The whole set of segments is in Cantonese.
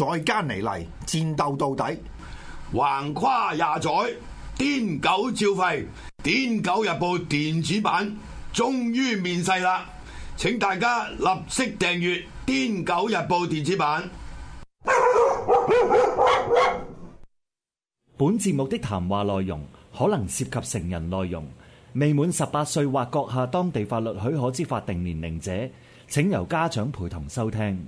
再奸你嚟，戰鬥到底，橫跨廿載，癲狗照吠。癲狗日報電子版終於面世啦！請大家立即訂閱癲狗日報電子版。本節目的談話內容可能涉及成人內容，未滿十八歲或閣下當地法律許可之法定年齡者，請由家長陪同收聽。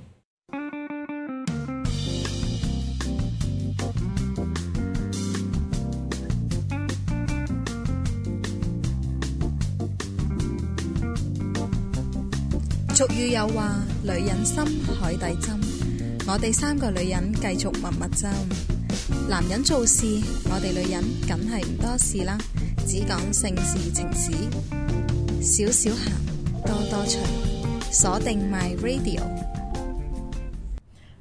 俗語有話女人心海底針，我哋三個女人繼續蜜蜜針。男人做事，我哋女人梗係唔多事啦，只講性事情事，少少咸，多多趣。鎖定 my radio。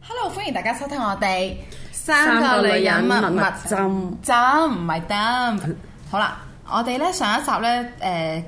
Hello，歡迎大家收聽我哋三個女人蜜蜜針針唔係針。好啦。我哋咧上一集咧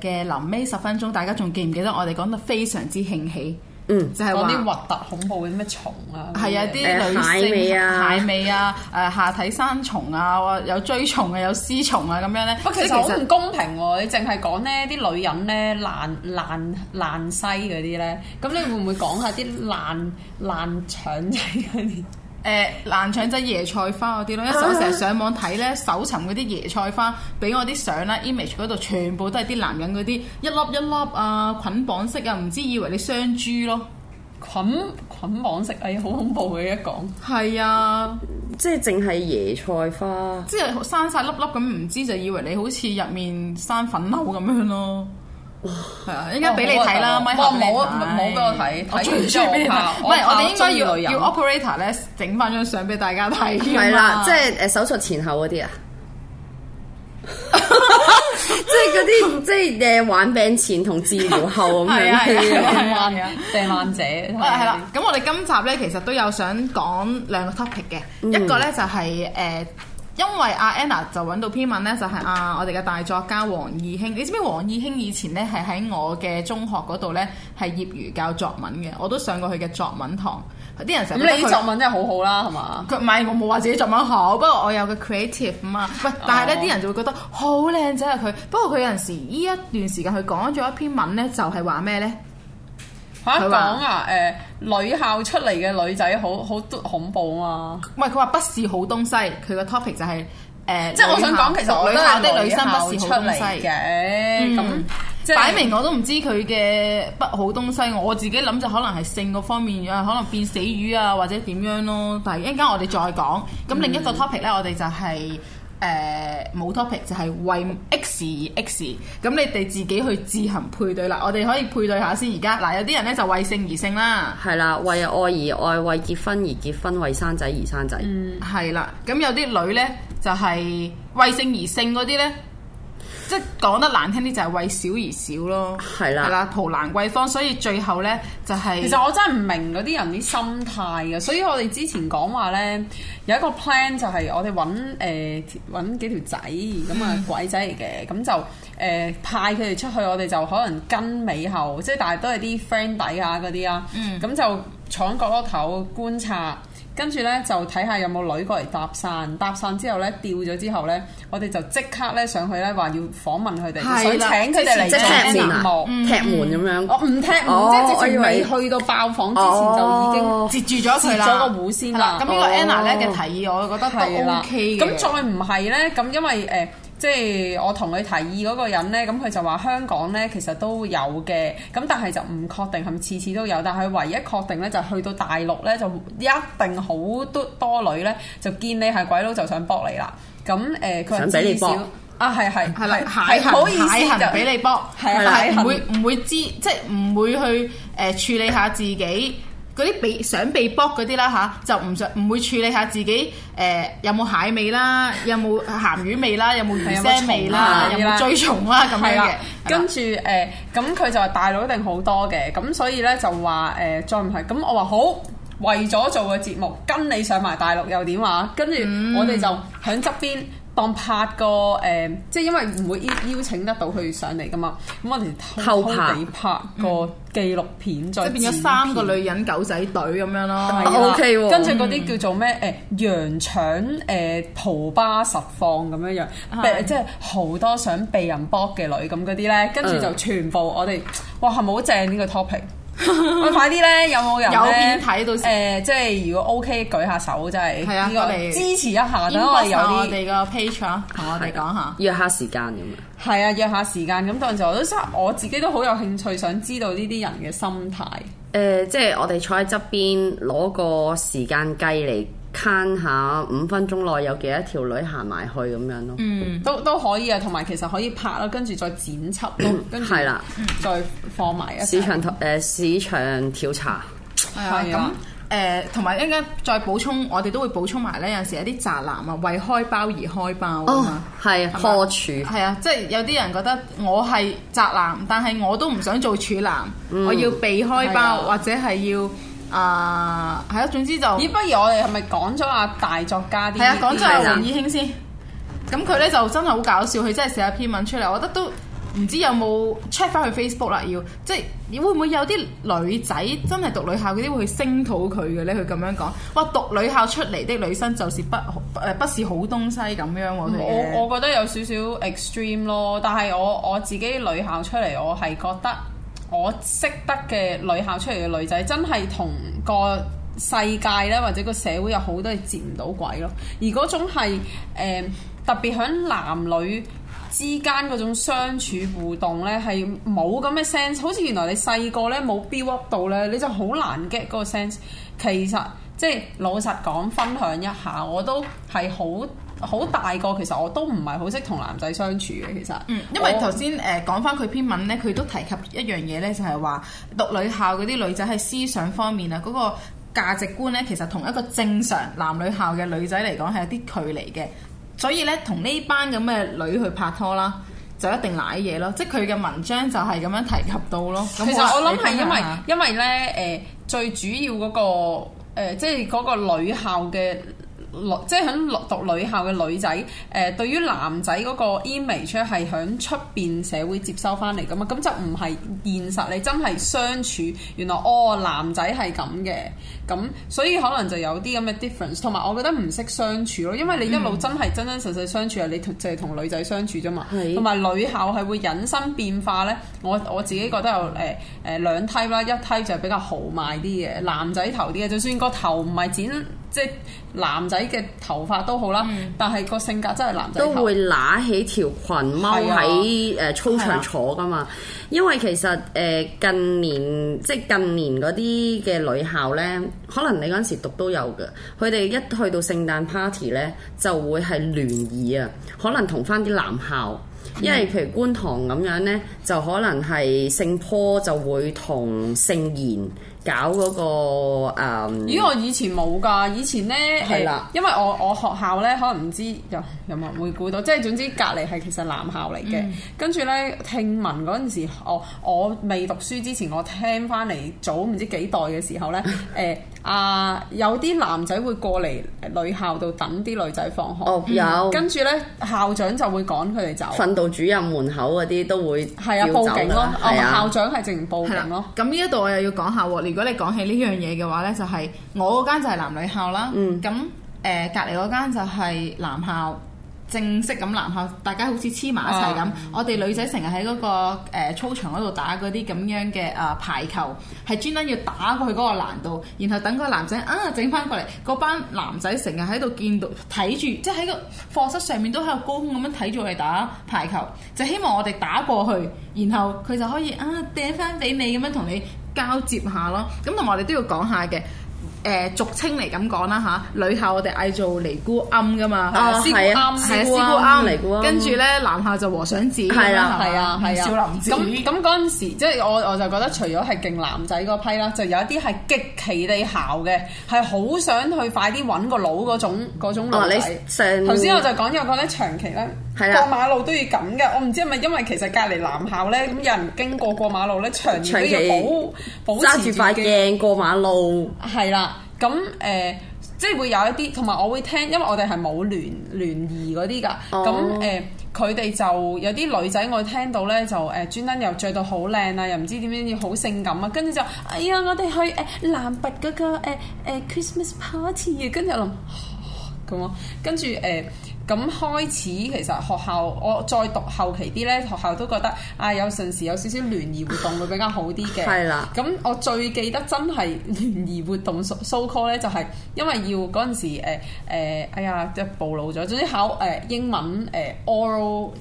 誒嘅臨尾十分鐘，大家仲記唔記得我哋講得非常之興起？嗯，就係講啲核突恐怖嘅咩蟲啊，係啊，啲女蟹味啊，蟹味啊，誒下體生蟲啊，有追蟲啊，有絲蟲啊咁、啊、樣咧。其實好唔公平喎、啊，你淨係講呢啲女人咧爛爛爛西嗰啲咧，咁你會唔會講下啲爛 爛腸仔啲？誒爛腸仔椰菜花嗰啲咯，啊、一手成日上網睇咧，搜尋嗰啲椰菜花，俾我啲相啦 image 嗰度全部都係啲男人嗰啲一粒一粒啊，捆綁式啊，唔知以為你雙豬咯，捆捆綁式，哎呀好恐怖嘅一講，係啊，即係淨係椰菜花，即係生晒粒粒咁，唔知就以為你好似入面生粉瘤咁樣咯。係啊，應該俾你睇啦，咪好唔好俾我睇，我最唔中睇。唔係，我哋應該要要 operator 咧，整翻張相俾大家睇。係啦，即係誒手術前後嗰啲啊，即係嗰啲即係誒患病前同治療後咁樣，係患者，係啦，咁我哋今集咧其實都有想講兩個 topic 嘅，一個咧就係誒。因為阿 Anna 就揾到篇文咧，就係啊，我哋嘅大作家王義興。你知唔知王義興以前咧係喺我嘅中學嗰度咧，係業餘教作文嘅，我都上過佢嘅作文堂。啲人成日講你作文真係好好啦，係嘛？佢唔係，我冇話自己作文好，不過我有個 creative 啊嘛。喂， 但係咧啲人就會覺得好靚仔啊佢。不過佢有陣時呢一段時間佢講咗一篇文咧，就係話咩咧？吓講啊！誒吧、呃，女校出嚟嘅女仔好好，好恐怖啊！唔係，佢話不是好東西。佢個 topic 就係、是、誒，呃、即係我想講，呃、校其實女校的女生不是好東西嘅。咁擺、嗯、是明我都唔知佢嘅不好東西。我自己諗就可能係性嗰方面啊，可能變死魚啊或者點樣咯。但係一陣間我哋再講。咁另一個 topic 咧，嗯、我哋就係、是。誒，冇、呃、topic 就係為 X 而 X，咁你哋自己去自行配對啦。我哋可以配對下先。而家嗱，有啲人咧就為性而性啦，係啦，為愛而愛，為結婚而結婚，為生仔而生仔，係、嗯、啦。咁有啲女咧就係、是、為性而性嗰啲咧。即係講得難聽啲，就係為少而少咯，係啦是的，蒲蘭桂坊。所以最後咧就係、是、其實我真係唔明嗰啲人啲心態嘅，所以我哋之前講話咧有一個 plan 就係我哋揾誒揾幾條仔，咁啊鬼仔嚟嘅，咁 就誒、呃、派佢哋出去，我哋就可能跟尾後，即係但係都係啲 friend 底下嗰啲啊，咁 就坐喺角落頭觀察。跟住咧就睇下有冇女過嚟搭訕，搭訕之後咧掉咗之後咧，我哋就即刻咧上去咧話要訪問佢哋，的想請佢哋嚟踢舞、娜嗯、踢門咁樣。我唔、哦、踢唔、哦、即我未、哎、去到爆房之前就已經、哦、截住咗佢咗個舞先啦。咁呢、哦、個 Anna 咧嘅提議，我覺得都 OK 嘅。咁再唔係咧，咁因為誒。呃即係我同佢提議嗰個人呢，咁佢就話香港呢其實都有嘅，咁但係就唔確定係咪次次都有，但係唯一確定呢，就去到大陸呢，就一定好多多女呢，就見你係鬼佬就想搏你啦。咁誒，佢係至少啊，係係係啦，唔好意思，就俾你搏，的的但係唔唔會知即係唔會去誒處理下自己。嗰啲被想被卜嗰啲啦吓，就唔想唔會處理下自己誒、呃、有冇蟹味啦，有冇鹹魚味啦， 有冇魚腥味啦，有冇追蟲啦、啊、咁樣嘅。的跟住誒，咁、呃、佢就話大陸一定好多嘅，咁所以咧就話誒、呃、再唔係，咁我話好，為咗做個節目，跟你上埋大陸又點話？跟住我哋就喺側邊。嗯當拍個誒，即係因為唔會邀邀請得到佢上嚟㗎嘛，咁我哋偷偷地拍個紀錄片，嗯、再片變咗三個女人狗仔隊咁樣咯，O K 跟住嗰啲叫做咩誒、嗯欸，羊腸誒蒲巴實況咁樣樣，嗯、即係好多想被人博嘅女咁嗰啲咧，跟住就全部我哋，哇係咪好正呢個 topic？ 哎、快啲咧！有冇人咧？有片睇到先。即係如果 OK，舉下手，真係呢個、啊、支持一下。等我哋有啲，我哋個 page 啊，同我哋講下約下時間咁啊。係啊，約下時間咁、嗯嗯。當時我都想，我自己都好有興趣，想知道呢啲人嘅心態。誒、呃，即係我哋坐喺側邊，攞個時間機嚟。看下五分鐘內有幾多條女行埋去咁樣咯。嗯，都都可以啊，同埋其實可以拍啦，跟住再剪輯咯。係啦， 再放埋啊。市場誒、呃、市場調查係啊，咁誒同埋一陣間再補充，我哋都會補充埋咧。有時有啲宅男啊，為開包而開包啊嘛，係破處係啊，即係有啲人覺得我係宅男，但係我都唔想做處男，嗯、我要避開包、啊、或者係要。啊，係啊，總之就咦，不如我哋係咪講咗阿大作家啲？係 啊樂，講咗阿吳以興先。咁佢咧就真係好搞笑，佢真係寫一篇文出嚟，我覺得都唔知有冇 check 翻去 Facebook 啦。要,要即係會唔會有啲女仔真係讀女校嗰啲會去聲討佢嘅咧？佢咁樣講，哇，讀女校出嚟的女生就是不誒不,不是好東西咁樣。我我我覺得有少少 extreme 咯，但係我我自己女校出嚟，我係覺得。我識得嘅女校出嚟嘅女仔，真係同個世界咧，或者個社會有好多嘢接唔到軌咯。而嗰種係、呃、特別喺男女之間嗰種相處互動咧，係冇咁嘅 sense。好似原來你細個咧冇 build up 到咧，你就好難 get 嗰個 sense。其實即係老實講，分享一下，我都係好。好大個，其實我都唔係好識同男仔相處嘅，其實。嗯。因為頭先誒講翻佢篇文咧，佢都提及一樣嘢咧，就係話讀女校嗰啲女仔喺思想方面啊，嗰個價值觀咧，其實同一個正常男女校嘅女仔嚟講係有啲距離嘅。所以咧，同呢班咁嘅女去拍拖啦，就一定賴嘢咯。即係佢嘅文章就係咁樣提及到咯。其實我諗係因為嗎因為咧誒、呃、最主要嗰個、呃、即係嗰個女校嘅。即係響落讀女校嘅女仔，誒、呃、對於男仔嗰個 image 係響出邊社會接收翻嚟噶嘛，咁就唔係現實。你真係相處，原來哦男仔係咁嘅，咁所以可能就有啲咁嘅 difference。同埋我覺得唔識相處咯，因為你一路真係真真實實相處啊，嗯、你就係同女仔相處啫嘛。同埋、嗯、女校係會引申變化咧，我我自己覺得有誒誒兩梯啦，呃、type，一梯就係比較豪邁啲嘅男仔頭啲嘅，就算個頭唔係剪。嗯即係男仔嘅頭髮都好啦，但係個性格真係男仔。都會揦起條裙踎喺誒操場坐㗎嘛。啊啊、因為其實誒近年即係近年嗰啲嘅女校呢，可能你嗰陣時讀都有嘅。佢哋一去到聖誕 party 咧，就會係聯誼啊。可能同翻啲男校，啊、因為譬如觀塘咁樣呢，就可能係聖坡就會同聖賢。搞嗰個誒？咦，我以前冇噶，以前咧，係啦，因為我我學校咧可能唔知有有冇會估到，即係總之隔離係其實男校嚟嘅。跟住咧，聽聞嗰陣時，我我未讀書之前，我聽翻嚟早唔知幾代嘅時候咧，誒啊有啲男仔會過嚟女校度等啲女仔放學，哦，有。跟住咧，校長就會趕佢哋走。訓導主任門口嗰啲都會係啊，報警咯。哦，校長係直情報警咯。咁呢一度我又要講下喎，如果你講起呢樣嘢嘅話呢，就係、是、我嗰間就係男女校啦。咁誒隔離嗰間就係男校，正式咁男校，大家好似黐埋一齊咁。啊、我哋女仔成日喺嗰個、呃、操場嗰度打嗰啲咁樣嘅誒、啊、排球，係專登要打過去嗰個欄度，然後等個男仔啊整翻過嚟。嗰班男仔成日喺度見到睇住，即係喺個課室上面都喺度高空咁樣睇住我哋打排球，就希望我哋打過去，然後佢就可以啊掟翻俾你咁樣同你。交接下咯，咁同埋我哋都要講下嘅，誒、呃、俗稱嚟咁講啦嚇，女校我哋嗌做尼姑庵噶嘛，師姑庵、啊，師姑庵嚟嘅喎。跟住咧，男校就和尚寺，係啊係吧啊係啊少林寺。咁咁嗰陣時，即係我我就覺得，除咗係勁男仔嗰批啦，就有一啲係極其地姣嘅，係好想去快啲揾個佬嗰種嗰種女仔。頭先、啊、我就講有個咧長期咧。過馬路都要咁噶，我唔知係咪因為其實隔籬男校咧，咁有人經過過馬路咧， 長年都要保 保持住揸住塊鏡過馬路。係啦，咁誒、呃，即係會有一啲，同埋我會聽，因為我哋係冇聯聯誼嗰啲噶。咁誒，佢哋、哦呃、就有啲女仔，我聽到咧就誒，專、呃、登又着到好靚啊，又唔知點樣要好性感啊，跟住就哎呀，我哋去誒男拔嗰個誒誒、呃呃、Christmas party 啊，跟住我諗咁啊，跟住誒。呃咁開始其實學校我再讀後期啲咧，學校都覺得啊有陣時，時有少少聯誼活動會比較好啲嘅。係啦。咁我最記得真係聯誼活動 so so call 咧，就係、是、因為要陣、那個、時誒誒、欸、哎呀即係暴露咗。總之考誒英文誒、欸、oral 誒、啊、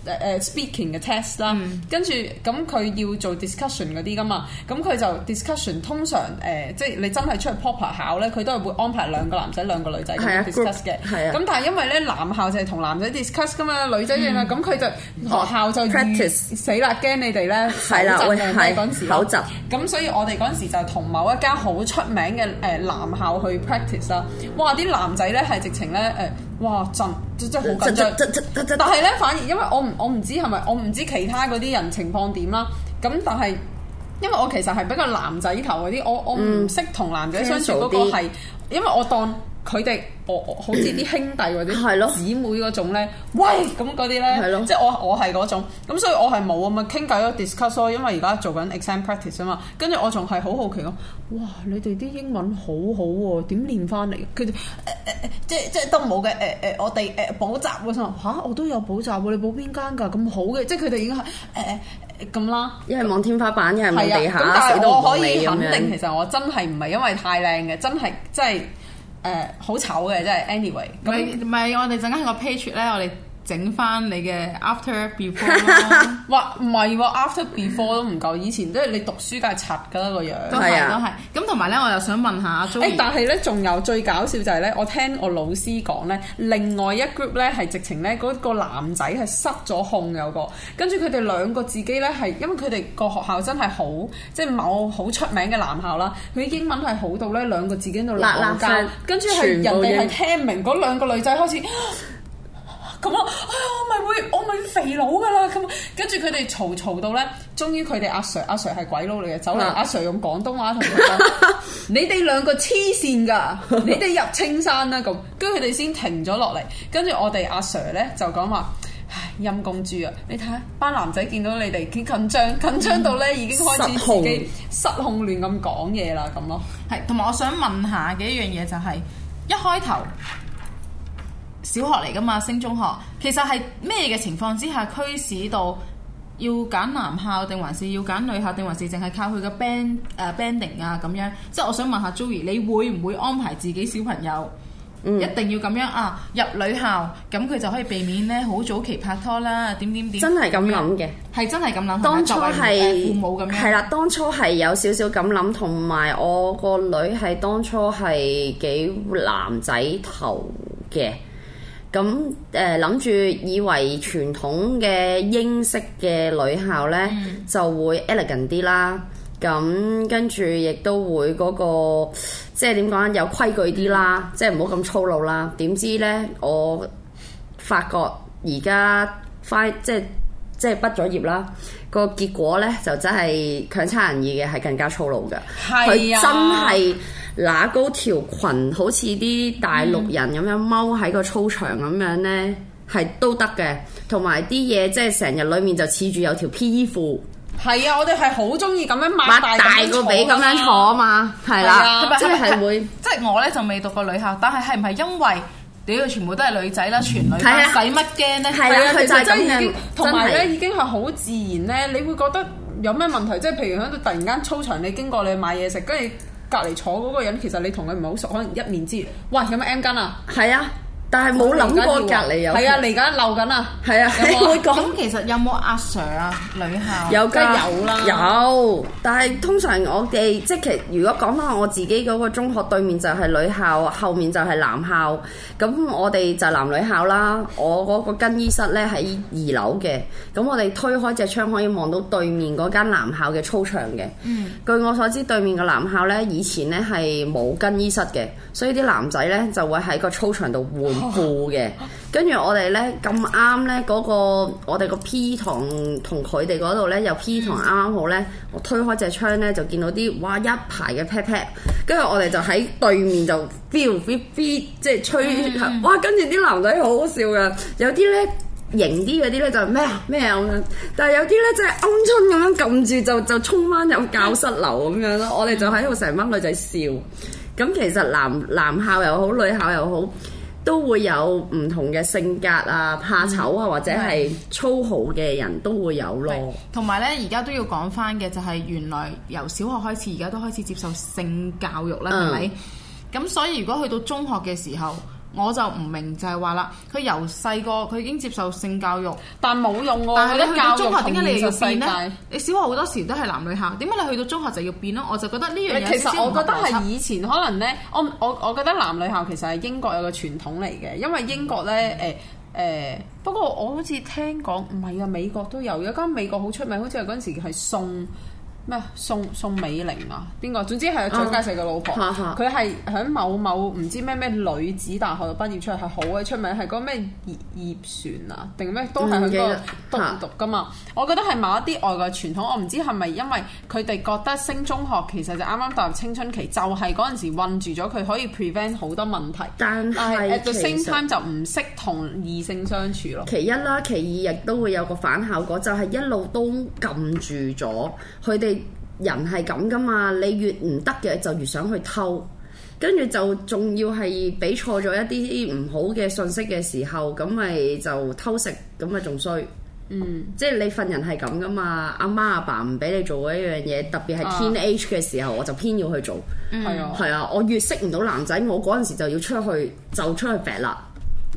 speaking 嘅 test 啦、嗯，跟住咁佢要做 discussion 啲噶嘛。咁佢就 discussion 通常誒、呃、即係你真係出去 proper 考咧，佢都係會安排兩個男仔兩個女仔咁 discuss 嘅。係啊。咁但係因為咧男校就係。同男仔 discuss 噶嘛，女仔啫嘛，咁佢、嗯、就學校就 practice 死啦，驚、呃、你哋咧，係啦，會係口集。咁所以我哋嗰陣時就同某一家好出名嘅誒男校去 practice 啦。嗯、哇！啲男仔咧係直情咧誒，哇！震，真真好緊張。疊疊疊疊疊但係咧，反而因為我唔我唔知係咪，我唔知，是是我知其他嗰啲人情況點啦。咁但係，因為我其實係比較男仔頭嗰啲，我我唔識同男仔相處個、嗯，不過係因為我當。佢哋我好似啲兄弟或者姊妹嗰種咧， 喂咁嗰啲咧，那那呢 即係我我係嗰種咁、嗯，所以我係冇咁啊傾偈咯 discuss 因為而家做緊 exam practice 啊嘛，跟住我仲係好好奇咯，哇！你哋啲英文好好、啊、喎，點練翻嚟？佢哋、呃、即即,即都冇嘅，誒、呃、誒、呃，我哋誒、呃、補習我想話吓，我都有補習喎，你補邊間噶？咁好嘅，即係佢哋已經係誒誒咁啦，一、呃、係望天花板，一係望地下，但係我可以肯定。其實我真係唔係因為太靚嘅，真係真係。真.誒好醜嘅，即係，anyway，唔係，我哋陣間個 page 咧，我哋。整翻你嘅 after before， 哇唔係喎 after before 都唔夠，以前都係 你讀書梗係柒㗎啦，個樣。都係是都係。咁同埋咧，我又想問，問下阿 Joey 誒，但係咧仲有最搞笑就係咧，我聽我老師講咧，另外一 group 咧係直情咧嗰個男仔係失咗控有個，跟住佢哋兩個自己咧係，因為佢哋個學校真係好，即係某好出名嘅男校啦，佢英文係好到咧，兩個自己喺度鬧交，跟住係人哋係聽明嗰兩個女仔開始。 咁啊！啊、哎，我咪會，我咪肥佬噶啦！咁，跟住佢哋嘈嘈到咧，終於佢哋阿 sir 阿、啊、sir 係鬼佬嚟嘅，走嚟阿、啊啊、sir 用廣東話同佢哋講：你哋兩個黐線噶，你哋入青山啦！咁，跟住佢哋先停咗落嚟，跟住我哋阿、啊、sir 咧就講話：唉，陰公豬啊！你睇下班男仔見到你哋幾緊張，緊張到咧已經開始自己失控亂咁講嘢啦！咁咯，係、嗯。同埋我想問下嘅一樣嘢、就係，就係一開頭。小學嚟㗎嘛，升中學，其實係咩嘅情況之下驅使到要揀男校定，還是要揀女校定，還是淨係靠佢嘅 band 誒 banding 啊咁樣。即係我想問下 Joey，你會唔會安排自己小朋友、嗯、一定要咁樣啊入女校，咁佢就可以避免咧好早期拍拖啦？點點點真係咁諗嘅，係真係咁諗。當初係父母咁樣係啦，當初係有少少咁諗，同埋我個女係當初係幾男仔頭嘅。咁誒諗住以為傳統嘅英式嘅女校呢、嗯、就會 elegant 啲啦，咁跟住亦都會嗰、嗰個即係點講有規矩啲啦，嗯、即係唔好咁粗魯啦。點知呢，我發覺而家快即係即係畢咗業啦，嗰個結果呢就真係強差人意嘅，係更加粗魯嘅，佢、啊、真係。攞高條裙，好似啲大陸人咁樣踎喺個操場咁樣呢，係都得嘅。同埋啲嘢即係成日裏面就黐住有條披衣褲。係啊，我哋係好中意咁樣買大個髀咁樣坐，嘛坐嘛啊嘛，係啦，即係會。即係我呢就未讀過女校，但係係唔係因為屌全部都係女仔啦、啊，全女仔、啊，使乜驚呢？係啊，其實 eigenlijk, 真係同埋呢已經係好自然呢，你會覺得有咩問題？即係譬如喺度突然間操場你經過你買嘢食，跟住。隔離坐嗰個人，其實你同佢唔係好熟，可能一面之緣。喂，有冇 M 巾啊？係啊。但係冇諗過隔籬有，係啊，嚟緊漏緊啊，係啊，你會講咁其實有冇阿 Sir 啊？女校有梗的有啦，有，但係通常我哋即係，如果講翻我自己嗰個中學對面就係女校，後面就係男校，咁我哋就男女校啦。我嗰個更衣室咧喺二樓嘅，咁我哋推開隻窗可以望到對面嗰間男校嘅操場嘅。嗯，據我所知，對面嘅男校呢，以前呢係冇更衣室嘅，所以啲男仔呢就會喺個操場度換。 嘅，跟住我哋咧咁啱咧，嗰、那個我哋個 P 堂同佢哋嗰度咧，有 P 堂啱啱好咧，嗯、我推開隻窗咧，就見到啲哇一排嘅 pat pat，跟住我哋就喺對面就 feel feel feel 即係吹嗯嗯哇，跟住啲男仔好好笑噶，有啲咧型啲嗰啲咧就咩啊咩啊咁樣，但係有啲咧即係鵪鶉咁樣撳住就是、就衝翻入教室樓咁樣咯，嗯、我哋就喺度成班女仔笑，咁其實男男校又好，女校又好。都會有唔同嘅性格啊，怕醜啊，或者係粗豪嘅人都會有咯。同埋呢，而家都要講翻嘅就係原來由小學開始，而家都開始接受性教育啦，係咪、嗯？咁所以如果去到中學嘅時候。我就唔明就係話啦，佢由細個佢已經接受性教育，但冇用喎。但係咧，教中學點解時你又要變呢？但你小學好多時都係男女校，點解你去到中學就要變咯？我就覺得呢樣嘢其實我覺得係以前可能呢。我我我覺得男女校其實係英國有個傳統嚟嘅，因為英國呢，誒、呃、誒、呃，不過我好似聽講唔係啊，美國都有一間美國好出名，好似係嗰陣時係送。咩宋宋美齡啊？邊個？總之係係蔣介石嘅老婆，佢係響某某唔知咩咩女子大學度畢業出嚟，係好嘅出名，係個咩葉葉璇啊？定咩？都係佢個讀讀㗎嘛。嗯啊、我覺得係某一啲外國傳統，我唔知係咪因為佢哋覺得升中學其實就啱啱踏入青春期，就係嗰陣時困住咗佢，可以 prevent 好多問題。但係 at the same time 就唔識同異性相處咯。其一啦，其二亦都會有個反效果，就係、是、一路都撳住咗佢哋。人係咁噶嘛，你越唔得嘅就越想去偷，跟住就仲要係俾錯咗一啲唔好嘅信息嘅時候，咁咪就偷食，咁咪仲衰。嗯，即係你份人係咁噶嘛，阿媽阿爸唔俾你做一樣嘢，特別係 teenage 嘅時候，啊、我就偏要去做。係、嗯、是啊，係啊，我越識唔到男仔，我嗰陣時就要出去就出去 fit 啦，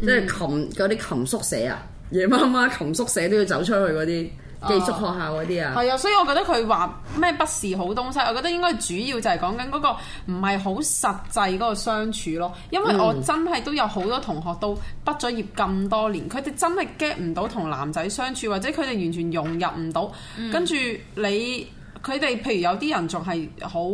嗯、即係冚嗰啲冚宿舍啊，夜媽媽冚宿舍都要走出去嗰啲。寄宿學校嗰啲啊，係啊、哦，所以我覺得佢話咩不是好東西，我覺得應該主要就係講緊嗰個唔係好實際嗰個相處咯。因為我真係都有好多同學都畢咗業咁多年，佢哋、嗯、真係 get 唔到同男仔相處，或者佢哋完全融入唔到。嗯、跟住你佢哋，譬如有啲人仲係好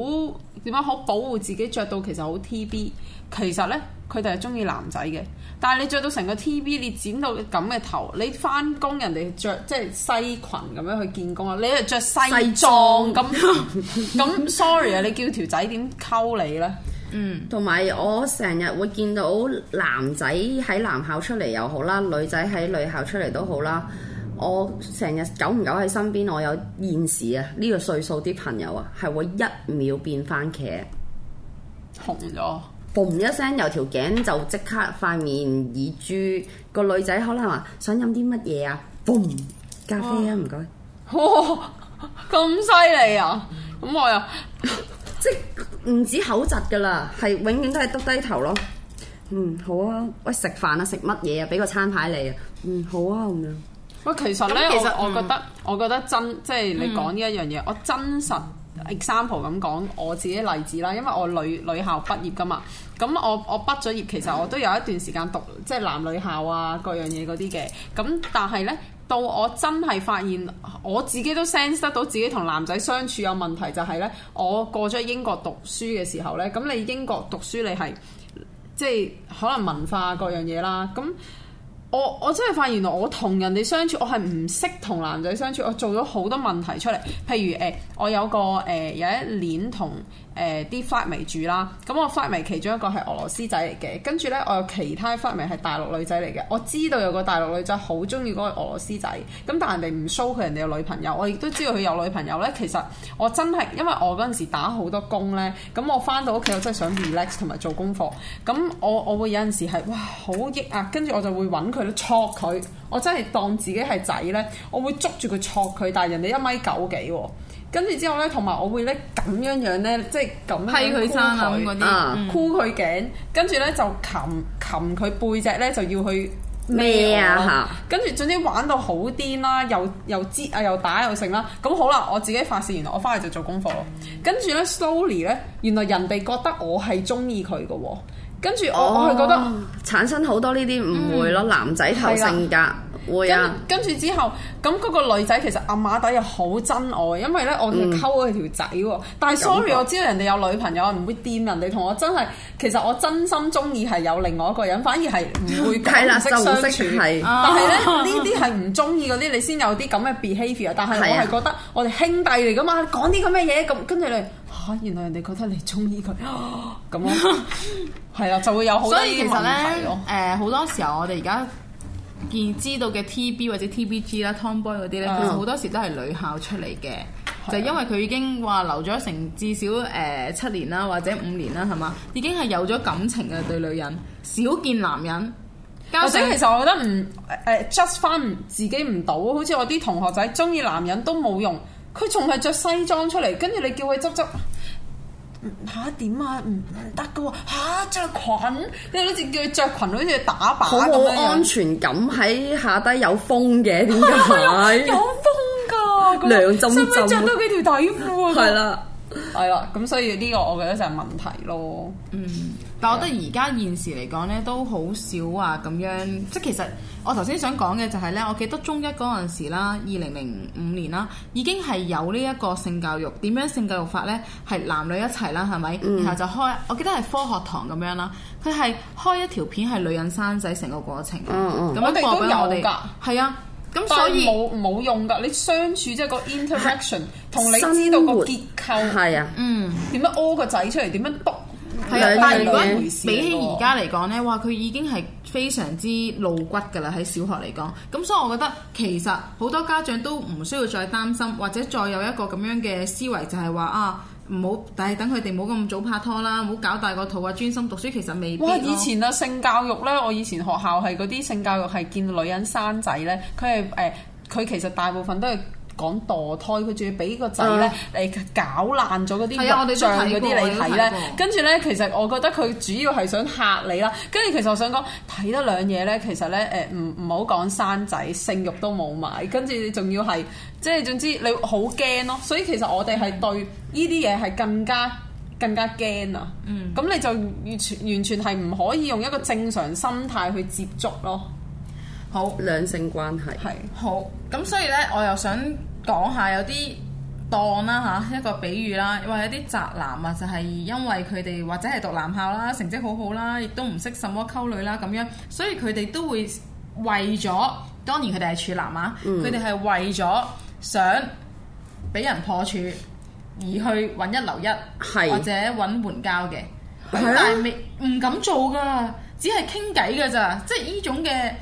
點樣好保護自己，着到其實好 TB。其實呢，佢哋係中意男仔嘅。但係你着到成個 T.V. 你剪到咁嘅頭，你翻工人哋着即係西裙咁樣去見工啊！你係着西裝咁樣咁，sorry 啊！你叫條仔點溝你呢？同埋、嗯、我成日會見到男仔喺男校出嚟又好啦，女仔喺女校出嚟都好啦。我成日久唔久喺身邊，我有現時啊呢個歲數啲朋友啊，係會一秒變番茄紅咗。嘣一聲，由條頸就即刻塊面耳珠。個女仔可能話想飲啲乜嘢啊？嘣咖啡啊，唔該。哇，咁犀利啊！咁我又 即唔止口窒噶啦，係永遠都係耷低頭咯。嗯，好啊。喂，食飯啊？食乜嘢啊？俾個餐牌你啊。嗯，好啊咁樣。喂、啊，其實咧，其實、嗯、我覺得，我覺得、嗯、我覺得真即係你講呢一樣嘢，嗯、我真實。example 咁講我自己例子啦，因為我女女校畢業噶嘛，咁我我畢咗業，其實我都有一段時間讀即係男女校啊，各樣嘢嗰啲嘅，咁但係呢，到我真係發現我自己都 sense 得到自己同男仔相處有問題，就係呢：我過咗英國讀書嘅時候呢，咁你英國讀書你係即係可能文化各樣嘢啦，咁。我我真係發現我同人哋相處，我係唔識同男仔相處，我做咗好多問題出嚟。譬如誒、呃，我有個誒、呃，有一年同，誒啲 flatmate 住啦，咁、嗯、我 flatmate 其中一個係俄羅斯仔嚟嘅，跟住呢，我有其他 flatmate 係大陸女仔嚟嘅，我知道有個大陸女仔好中意嗰個俄羅斯仔，咁但係人哋唔 show 佢人哋有女朋友，我亦都知道佢有女朋友呢。其實我真係因為我嗰陣時打好多工呢。咁、嗯、我返到屋企我真係想 relax 同埋做功課，咁、嗯、我我會有陣時係哇好抑壓，跟住我就會揾佢嚟搓佢，我真係當自己係仔呢，我會捉住佢搓佢，但係人哋一米九幾喎、哦。跟住之後咧，同埋我會咧咁樣樣咧，即係咁箍佢，啲，箍佢、嗯、頸，跟住咧就擒擒佢背脊咧，就要去咩啊嚇！跟住總之玩到好癲啦，又又摺啊，又打又剩啦。咁好啦，我自己發泄完，我翻嚟就做功課。嗯、跟住咧 Sunny 咧，原來人哋覺得我係中意佢嘅喎。跟住我，我係覺得、哦、產生好多呢啲誤會咯。嗯、男仔頭性格的會啊，跟住之後咁嗰個女仔其實阿馬底又好憎我，因為咧我哋溝咗佢條仔喎。嗯、但係是 sorry，我知道人哋有女朋友，唔會掂人哋。同我真係其實我真心中意係有另外一個人，反而係唔會唔識相處。係，但係咧呢啲係唔中意嗰啲，你先有啲咁嘅 behavior 但係我係覺得我哋兄弟嚟噶嘛，講啲咁嘅嘢咁，跟住你嚇，原來人哋覺得你中意佢咁咯，係就會有好多，所以其實咧，誒好、呃、多時候我哋而家見知道嘅 TB 或者 TBG 啦，Tomboy 嗰啲咧，其實好多時都係女校出嚟嘅，oh。就因為佢已經話留咗成至少誒、呃、七年啦，或者五年啦，係嘛，已經係有咗感情嘅對女人，少見男人。教者其實我覺得唔誒、呃、just 翻自己唔到，好似我啲同學仔中意男人都冇用，佢仲係着西裝出嚟，跟住你叫佢執執。吓，點啊？唔唔得噶。吓着裙，你好似叫你着裙好似打靶咁不、啊、安全感喺下低有風嘅，點解、 啊、有，有風噶？兩針針，使唔使着多幾條底褲啊？係、那、啦、個，係啦 對了，咁所以呢個我覺得就係問題咯， 嗯。但我覺得而家現時嚟講咧，都好少啊。咁樣。即係其實我頭先想講嘅就係咧，我記得中一嗰陣時啦，二零零五年啦，已經係有呢一個性教育。點樣性教育法咧？係男女一齊啦，係咪？嗯。然後就開，我記得係科學堂咁樣啦。佢係開一條片係女人生仔成個過程。嗯嗯。咁樣播俾我哋。係啊。咁所以冇冇用㗎？你相處即係個 interaction，同你知道個結構。係啊。嗯。點樣屙個仔出嚟？點樣篤？係啊，但係如果比起而家嚟講呢，哇！佢已經係非常之露骨㗎啦，喺小學嚟講。咁所以，我覺得其實好多家長都唔需要再擔心，或者再有一個咁樣嘅思維就，就係話啊，唔好，但係等佢哋唔好咁早拍拖啦，唔好搞大個肚啊，專心讀書其實未必、啊。以前啊，性教育呢，我以前學校係嗰啲性教育係見女人生仔呢，佢係誒，佢、呃、其實大部分都係。講墮胎，佢仲要俾個仔咧嚟搞爛咗嗰啲影像，嗰啲你睇咧，跟住咧，其實我覺得佢主要係想嚇你啦。跟住其實我想講睇得兩嘢咧，其實咧，誒唔唔好講生仔，性慾都冇埋，跟住你仲要係即係總之你好驚咯。所以其實我哋係對呢啲嘢係更加更加驚啊！咁、嗯、你就完全完全係唔可以用一個正常心態去接觸咯。好兩性關係，係好咁，所以咧，我又想講下有啲當啦嚇一個比喻啦，就是、因為有啲宅男啊，就係因為佢哋或者係讀男校啦，成績好好啦，亦都唔識什麼溝女啦，咁樣，所以佢哋都會為咗當然佢哋係處男啊，佢哋係為咗想俾人破處而去揾一樓一，是或者揾援交嘅，但係未唔敢做㗎，只係傾偈㗎咋，即係呢種嘅。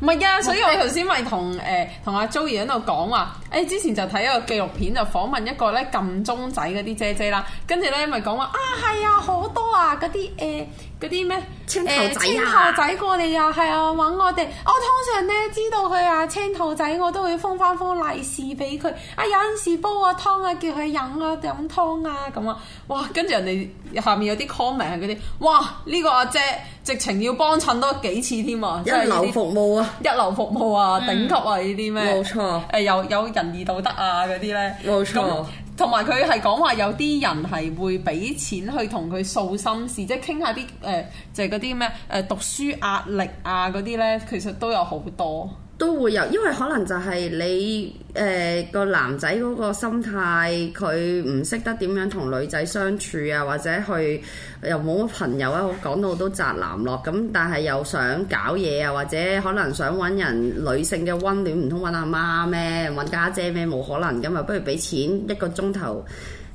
唔係啊，所以我頭先咪同誒同阿 Joey 喺度講話，誒、欸、之前就睇一個紀錄片，就訪問一個咧撳鐘仔嗰啲姐姐啦，跟住咧咪講話啊係啊，好多啊嗰啲誒嗰啲咩？誒，青頭，啊欸、頭仔過嚟啊，係啊，搵我哋。我通常咧知道佢啊，青頭仔，我都會封翻封利是俾佢。啊，有陣時煲個、啊、湯啊，叫佢飲啊，飲湯啊咁啊。哇，跟住人哋下面有啲 comment 係嗰啲，哇，呢、這個阿姐、姐直情要幫襯多幾次添啊，一流服務啊，一流服務啊，頂、嗯、級啊，呢啲咩？冇錯、啊。誒、呃，有有仁義道德啊，嗰啲咧，冇錯錯。嗯同埋佢係講話有啲人係會俾錢去同佢掃心事，即係傾下啲誒、呃，就係嗰啲咩誒讀書壓力啊嗰啲咧，其實都有好多。都會有，因為可能就係你誒個、呃、男仔嗰個心態，佢唔識得點樣同女仔相處啊，或者佢又冇乜朋友啊，我講到都宅男咯。咁但係又想搞嘢啊，或者可能想揾人女性嘅溫暖，唔通揾阿媽咩？揾家姐咩？冇可能噶嘛，不如俾錢一個鐘頭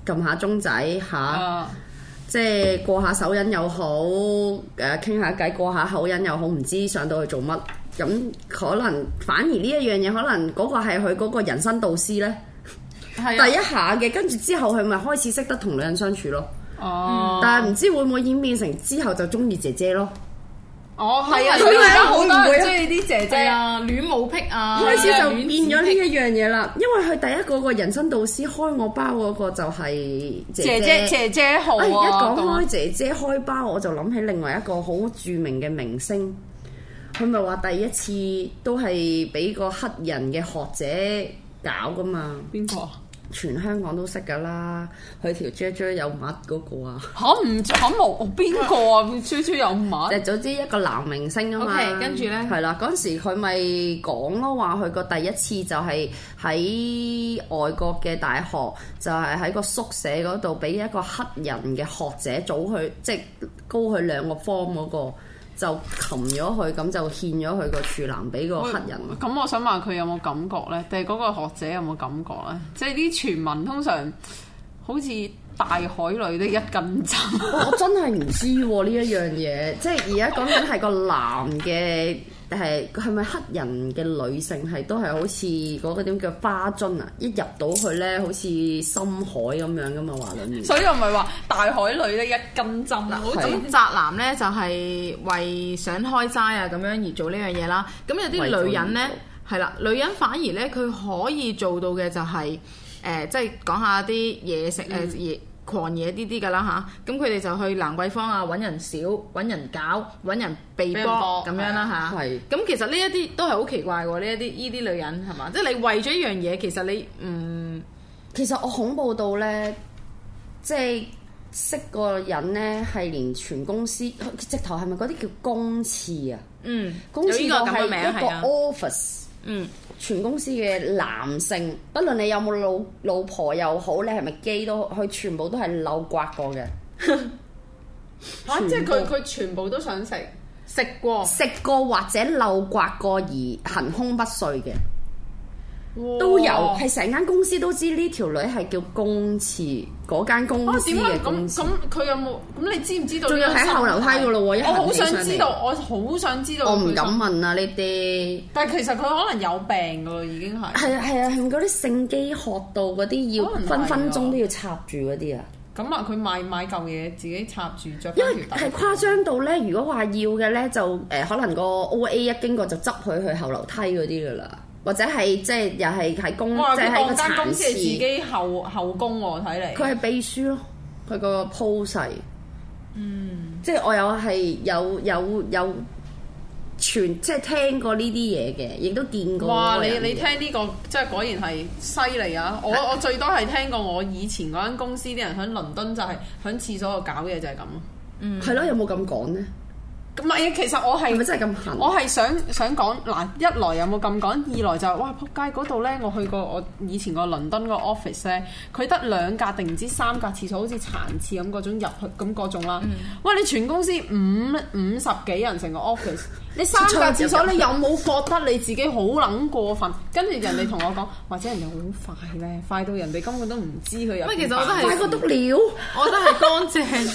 撳下鐘仔嚇，啊啊、即係過下手癮又好，誒、啊、傾下偈過下口癮又好，唔知上到去做乜。咁可能反而呢一樣嘢，可能嗰個係佢嗰個人生導師咧，啊、第一下嘅，跟住之後佢咪開始識得同女人相處咯。哦，嗯、但係唔知會唔會演變成之後就中意姐姐咯？哦，係啊，而家好多中意啲姐姐啊，戀母、啊、癖啊，開始、啊啊、就變咗呢一樣嘢啦。因為佢第一個個人生導師開我包嗰個就係姐姐姐姐好、啊哎。一講開姐姐開包，我就諗起另外一個好著名嘅明星。佢咪話第一次都係俾個黑人嘅學者搞噶嘛？邊個、啊？全香港都識噶啦，佢條 JoJo 有墨嗰個啊！好唔吓冇？邊、嗯、個、嗯、啊超 o j o 有墨？誒，總之一個男明星啊嘛。跟住咧，係啦，嗰時佢咪講咯話，佢個第一次就係喺外國嘅大學，就係、是、喺個宿舍嗰度俾一個黑人嘅學者早去，即係高佢兩個方嗰、那個。嗯就擒咗佢，咁就獻咗佢個處男俾個黑人。咁我想問佢有冇感覺呢？定係嗰個學者有冇感覺呢？即係啲傳聞通常好似大海裡的一根針、 哦。我真係唔知呢、啊、 一樣嘢。即係而家講緊係個男嘅。但係，係咪黑人嘅女性係都係好似嗰個點叫花樽啊？一入到去咧，好似深海咁樣噶嘛話你。所以我唔係話大海裡咧一針針，唔、嗯、好咁像宅男咧就係、是、為想開齋啊咁樣而做呢樣嘢啦。咁有啲女人咧係啦，女人反而咧佢可以做到嘅就係、是、誒、呃，即係講下啲嘢食誒、嗯狂野啲啲噶啦吓，咁佢哋就去蘭桂坊啊，揾人少，揾人搞，揾人被波咁樣啦、啊、吓。嚇。咁、啊、其實呢一啲都係好奇怪喎。呢一啲呢啲女人係嘛，即係、就是、你為咗一樣嘢，其實你唔、嗯、其實我恐怖到咧，即、就、係、是、識個人咧係連全公司直頭係咪嗰啲叫公廁啊？嗯，這這公廁我係一個 office。嗯，全公司嘅男性，不論你有冇老老婆又好，你係咪基都，佢全部都係漏刮過嘅。嚇 部、啊，即係佢佢全部都想食，食過，食過或者漏刮過而行兇不遂嘅。都有，係成間公司都知呢條女係叫公廁，嗰間公司嘅公廁。咁咁佢有冇？咁你知唔知道？仲要喺後樓梯噶咯？我好想知道，我好想知道。我唔敢問啊呢啲。但係其實佢可能有病噶啦，已經係。係啊係啊，嗰啲、啊啊、性機學到嗰啲要分分鐘都要插住嗰啲啊！咁啊，佢買買嚿嘢自己插住着。因為係誇張到咧，如果話要嘅咧，就誒、呃、可能個 O A 一經過就執佢去後樓梯嗰啲噶啦。或者係即係又係喺公，哇，即係喺個公司自己後後宮喎、啊，睇嚟。佢係秘書咯，佢個 pose 嗯。即係我有係有有有傳，即係聽過呢啲嘢嘅，亦都見過、過。哇！你你聽呢、呢個，即係果然係犀利啊！我啊我最多係聽過我以前嗰間公司啲人喺倫敦就係喺廁所度搞嘢，就係咁咯。嗯。係咯，有冇咁講咧？咁係啊，其實我係我係想想講嗱，一來有冇咁講，二來就係哇，仆街嗰度咧，我去過我以前個倫敦個 office 咧，佢得兩格定唔知三格廁所，好似殘廁咁嗰種入去咁嗰種啦。哇、嗯！你全公司五五十幾人成個 office， 你三格廁所，你有冇覺得你自己好撚過分？跟住人哋同我講， 或者人哋好快咧，快到人哋根本都唔知佢有。咁其實我真係快過篤尿， 我真係乾淨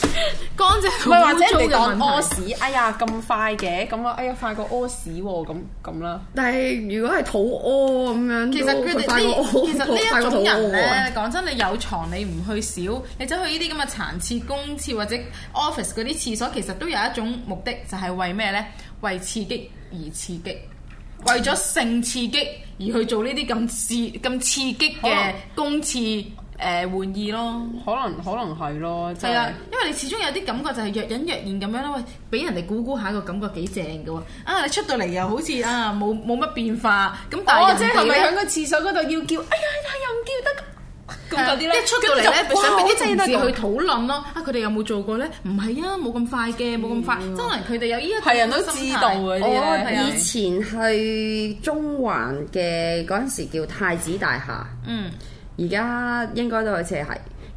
乾淨。唔係或者做人屙屎，哎呀～咁快嘅，咁啊，哎呀，快過屙屎喎，咁咁啦。但係如果係肚屙咁樣，其實佢哋啲其實呢一種人咧，講、啊、真，你有床你唔去少，你走去呢啲咁嘅殘廁公廁或者 office 嗰啲廁所，其實都有一種目的，就係為咩咧？為刺激而刺激，為咗性刺激而去做呢啲咁刺咁刺激嘅公廁。了誒，玩意咯，可能可能係咯，係啦，因為你始終有啲感覺就係若隱若現咁樣咯，喂，俾人哋估估下個感覺幾正㗎喎，你出到嚟又好似啊冇冇乜變化，咁但係，哦，即係係咪喺個廁所嗰度要叫？哎呀，又唔叫得，咁啲咧，一出到嚟咧，上面啲同事去討論咯，啊，佢哋有冇做過咧？唔係啊，冇咁快嘅，冇咁快，真係佢哋有呢家係人都知道嘅。以前去中環嘅嗰陣時叫太子大廈，嗯。而家應該都好似係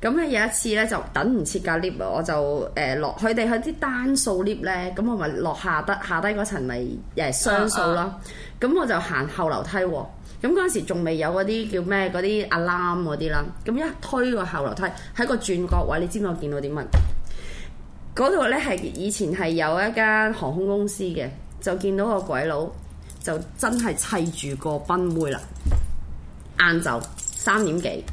咁咧。有一次咧，就等唔切架 lift，我就誒落佢哋去啲單數 lift 咧。咁我咪落下得下低嗰層咪誒雙數咯。咁、啊啊、我就行後樓梯喎。咁嗰陣時仲未有嗰啲叫咩嗰啲 alarm 嗰啲啦。咁一推個後樓梯喺個轉角位，你知唔知我見到啲乜？嗰度咧係以前係有一間航空公司嘅，就見到個鬼佬就真係砌住個賓妹啦。晏晝。三點幾，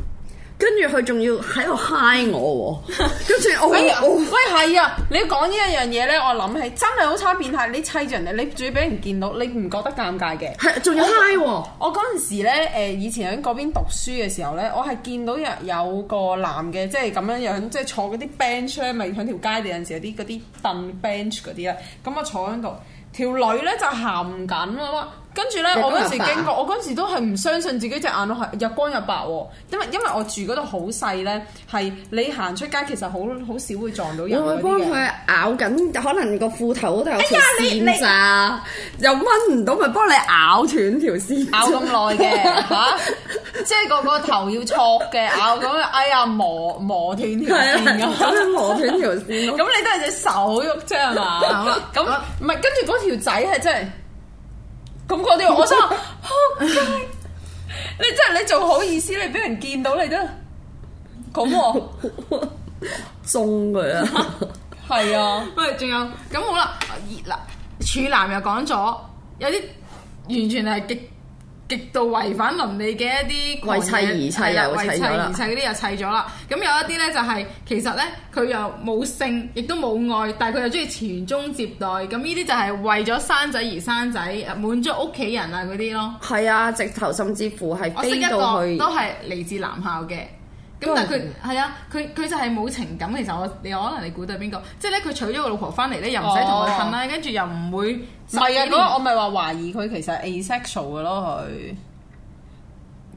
跟住佢仲要喺度嗨我，跟住我，我非係啊！你講呢一樣嘢咧，我諗起真係好差變態，你砌住人哋，你仲要俾人見到，你唔覺得尷尬嘅？係、啊，仲要我嗨喎、哦！我嗰陣時咧，誒以前喺嗰邊讀書嘅時候咧，我係見到有有個男嘅，即係咁樣樣，即係坐嗰啲 bench 咧，咪響條街度有陣時有啲嗰啲凳 bench 嗰啲啦，咁我坐喺度，條女咧就行緊啦。跟住咧，我嗰時經過，我嗰時都係唔相信自己隻眼咯，係又幹又白喎。因為因為我住嗰度好細咧，係你行出街其實好好少會撞到人嘅。我幫佢咬緊，可能個褲頭嗰度有條線咋，又掹唔到咪幫你咬斷條線，咬咁耐嘅嚇。即係個個頭要挫嘅咬咁，哎呀磨磨斷條線咁，磨斷條線。咁你都係隻手喐啫係嘛？咁唔係跟住嗰條仔係真係。咁嗰啲，我想仆街、 哦啊，你真係你仲好意思，你俾人見到你都咁喎，中佢啊，係 了呀 是啊，喂，仲有，咁好啦，熱啦，處男又講咗，有啲完全係極。極度違反倫理嘅一啲群嘅，為砌而砌啊，錯為砌而砌嗰啲又砌咗啦。咁 有一啲咧就係、是、其實咧佢又冇性亦都冇愛，但係佢又中意傳宗接代。咁呢啲就係為咗生仔而生仔，誒滿足屋企人啊嗰啲咯。係啊，直頭甚至乎係飛我識一個都係嚟自男校嘅。咁但係佢係啊，佢佢就係冇情感。其實我你可能你估到邊個？即係咧，佢娶咗個老婆翻嚟咧，又唔使同佢瞓啦，哦、跟住又唔會。唔係啊！連我咪話懷疑佢其實係 asexual 嘅咯，佢。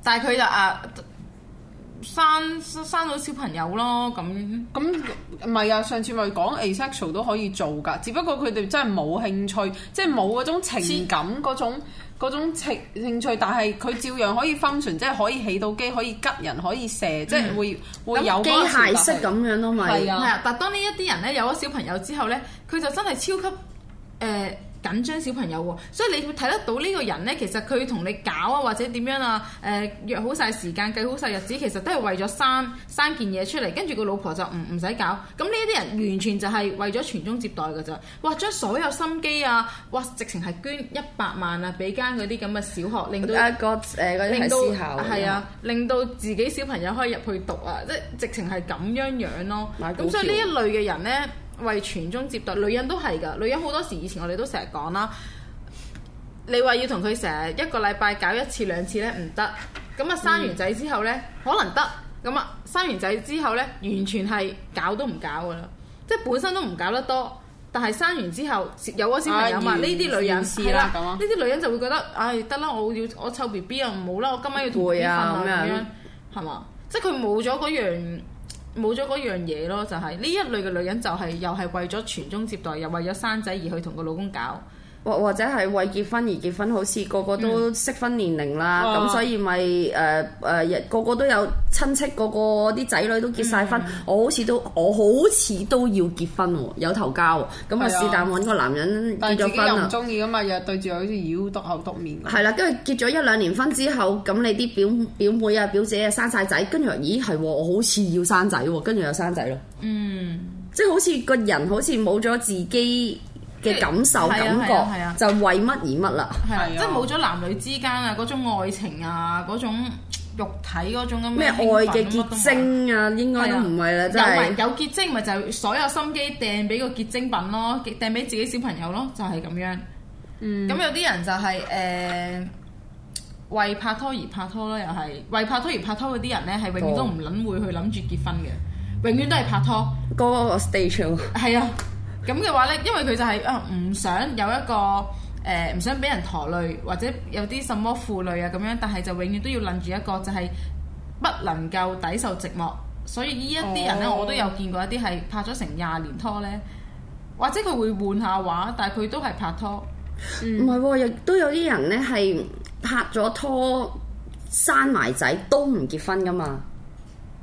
但係佢就啊，生生咗小朋友咯，咁咁唔係啊？上次咪講 asexual 都可以做㗎，只不過佢哋真係冇興趣，即係冇嗰種情感嗰是種。嗰種情興趣，但係佢照樣可以 function，即係可以起到機，可以吉人，可以射，即係會、嗯、會有機械式咁樣咯，咪係是啊，啊！但當呢一啲人咧有咗小朋友之後咧，佢就真係超級誒。呃緊張小朋友喎，所以你會睇得到呢個人呢。其實佢同你搞啊，或者點樣啊，誒、呃、約好晒時間，計好晒日子，其實都係為咗生生件嘢出嚟，跟住個老婆就唔唔使搞。咁呢啲人完全就係為咗傳宗接代㗎咋，哇！將所有心機啊，哇！直情係捐一百萬啊，俾間嗰啲咁嘅小學，令到阿哥誒嗰啲啊，令到自己小朋友可以入去讀啊，即、嗯、直情係咁樣樣咯。咁、嗯、所以呢一類嘅人呢。為傳宗接代，女人都係噶，女人好多時以前我哋都成日講啦。你話要同佢成日一個禮拜搞一次兩次咧，唔得，咁啊生完仔之後咧，可能得，咁啊生完仔之後咧，完全係搞都唔搞噶啦，即係本身都唔搞得多，但係生完之後有咗小朋友嘛，呢啲女人係啦，呢啲女人就會覺得，唉，得啦，我要我湊 B B 啊，唔好啦，我今晚要同佢啊咁樣，係嘛，即係佢冇咗嗰樣。冇咗嗰樣嘢咯，就係呢一類嘅女人就係又係為咗傳宗接代，又為咗生仔而去同個老公搞。或或者係為結婚而結婚，好似個個都適婚年齡啦，咁、嗯啊、所以咪誒誒，個個都有親戚，個個啲仔女都結晒婚。嗯、我好似都，我好似都要結婚，有頭家，咁啊是但揾個男人結咗婚唔中意噶嘛，日日對住佢好似妖嘟嘟嘟，督口督面。係啦，跟住結咗一兩年婚之後，咁你啲表表妹啊、表姐啊生晒仔，跟住咦係，我好似要生仔喎，跟住又生仔咯。嗯，即係好似個人好似冇咗自己。嘅感受、 感覺就為乜而乜啦，即係冇咗男女之間啊嗰種愛情啊嗰種肉體嗰種咁咩愛嘅結晶啊，應該都唔係啦。有，有結晶咪就係所有心機掟俾個結晶品咯，掟俾自己小朋友咯，就係、是、咁樣。咁、嗯、有啲人就係、是、誒、呃、為拍拖而拍拖咯，又係為拍拖而拍拖嗰啲人咧，係永遠都唔撚會去諗住結婚嘅，了永遠都係拍拖。Go stay true。係啊。咁嘅話呢，因為佢就係啊，唔想有一個誒，唔、呃、想俾人拖累，或者有啲什麼負累啊咁樣，但係就永遠都要諗住一個，就係、是、不能夠抵受寂寞。所以呢一啲人呢，哦、我都有見過一啲係拍咗成廿年拖呢，或者佢會換下畫，但係佢都係拍拖。唔係喎，亦、哦、都有啲人呢係拍咗拖生埋仔都唔結婚㗎嘛。